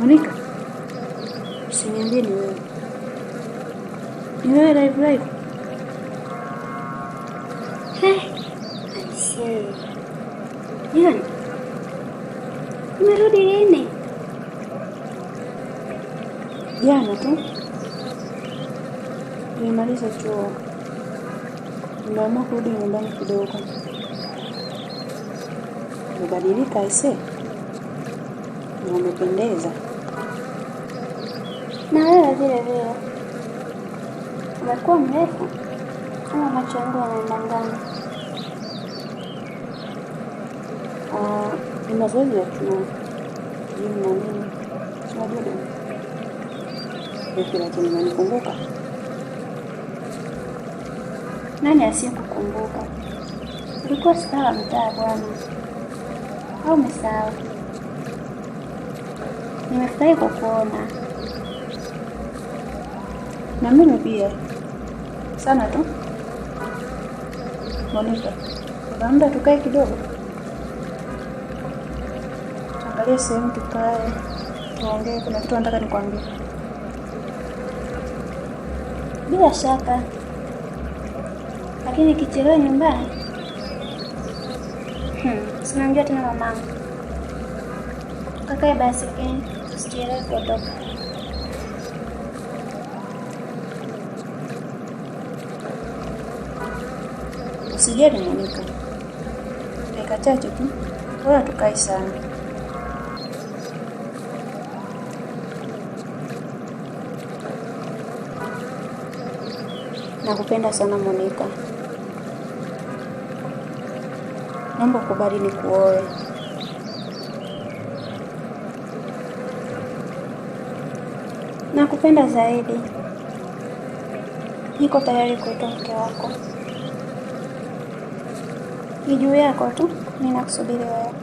Monica. অনেক সিগন্যাল দিয়ে নেমে যাবে এভাবে লাইভ লাইভ হ্যাঁ আচ্ছা এখানে মেরুদি নেই Yeah, nothing. Nimaliza chuo. Nimeamua kurudi nyumbani kidogo. Nimebadilika aisee. na umependeza. Na wewe vile vile umekuwa mrefu, kama macho yangu yanadanganya? Ah, ni mazoezi ya kiume jini na nini, unajuda lakini unanikumbuka. Nani asiyekukumbuka? Ulikuwa sawa mtaa bwana, au umesahau? Nimefurahi kukuona na mimi pia sana tu. Monika, kuna muda tukae kidogo, angalia sehemu tukae tuongee, kuna kitu nataka nikwambie. Bila shaka, lakini kichelewa nyumbani, hmm, sinaongea tena mamangu Tukakae basi, lakini tusichelewe kuondoka. Usijali Monika, dakika chache tu, bora tukae sana. Nakupenda sana Monika, naomba kubali nikuoe. nakupenda zaidi. Niko tayari kuitwa mke wako, ni juu yako tu, ninakusubiri wewe.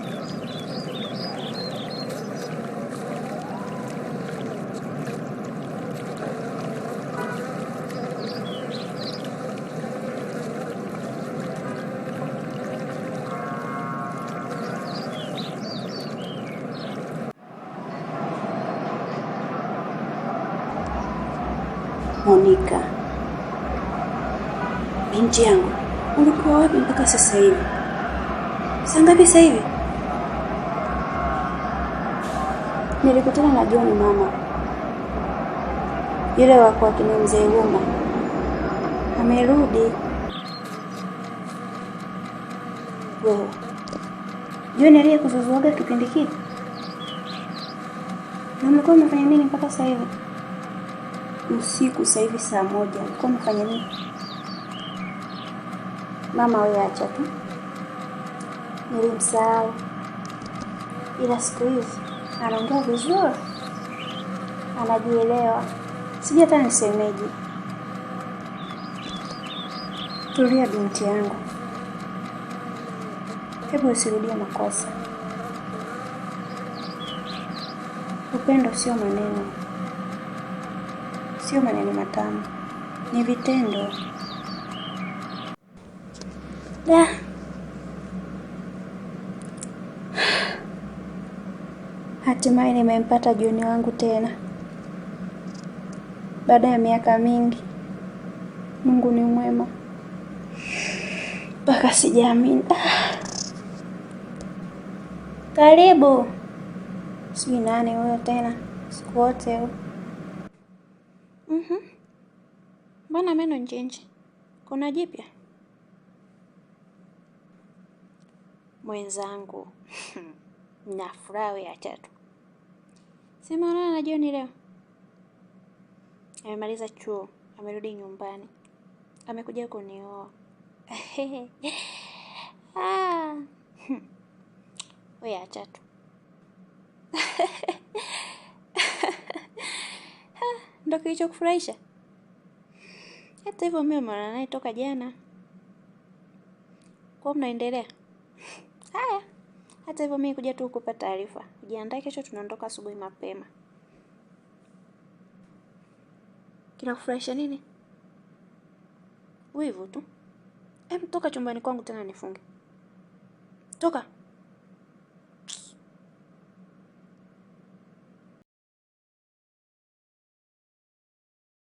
Monica, binti yangu, ulikuwa wapi mpaka sasa hivi? Saa ngapi sasa hivi? Nilikutana na John mama, yule wako akina mzee Guma, amerudi. Wewe John aliye kuzuzuaga kipindi kile, na mlikuwa mnafanya nini mpaka sasa hivi? usiku sasa hivi saa moja, alikuwa unafanya nini? Mama wewe acha tu, nilimsahau, ila siku hizi anaongea vizuri, anajielewa, sijui hata nisemeje. Tulia binti yangu, hebu usirudie makosa. Upendo sio maneno sio maneno matamu, ni vitendo. Da, hatimaye nimempata Joni wangu tena baada ya miaka mingi. Mungu ni mwema mpaka sijaamini. Karibu si nani huyo tena, siku wote Mhm. Mbona meno nje nje? Kuna jipya? Mwenzangu. Na furaha ya tatu. Simaona na jioni leo. Amemaliza chuo, amerudi nyumbani. Amekuja kunioa. ah. Wewe acha tu. Ndo kilichokufurahisha? Hata hivyo mimi umeonana naye toka jana, kwa mnaendelea haya. Hata hivyo mimi kuja tu kukupa taarifa, jiandae kesho tunaondoka asubuhi mapema. Kinakufurahisha nini? Wivu tu. Hem, toka chumbani kwangu tena nifunge, toka.